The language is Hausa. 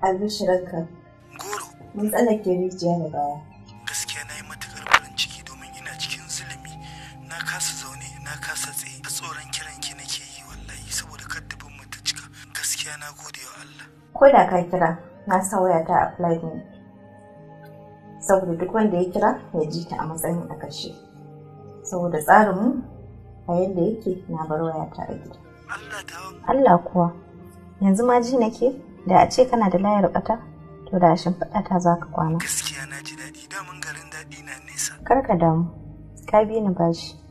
Albishiranka. Goro. Mun tsallake rijiya na baya. Gaskiya na yi matuƙar farin ciki domin ina cikin zulumi. Na kasa zaune na kasa tsaye. A tsoron kiran ki nake yi wallahi saboda kaddabin mu ta cika. Gaskiya na gode wa Allah. Ko da ka kira na sa wayata a flight ne. Saboda duk wanda ya kira ya ji ta a matsayin a ƙarshe. Saboda tsarinmu a yadda yake na bar wayata a gida. Allah kuwa yanzu ma ji nake? da a ce kana da layar bata to da fada ta za ka kwana gaskiya na ji daɗi daman garin daɗi na nesa kar ka damu ka bi ni bashi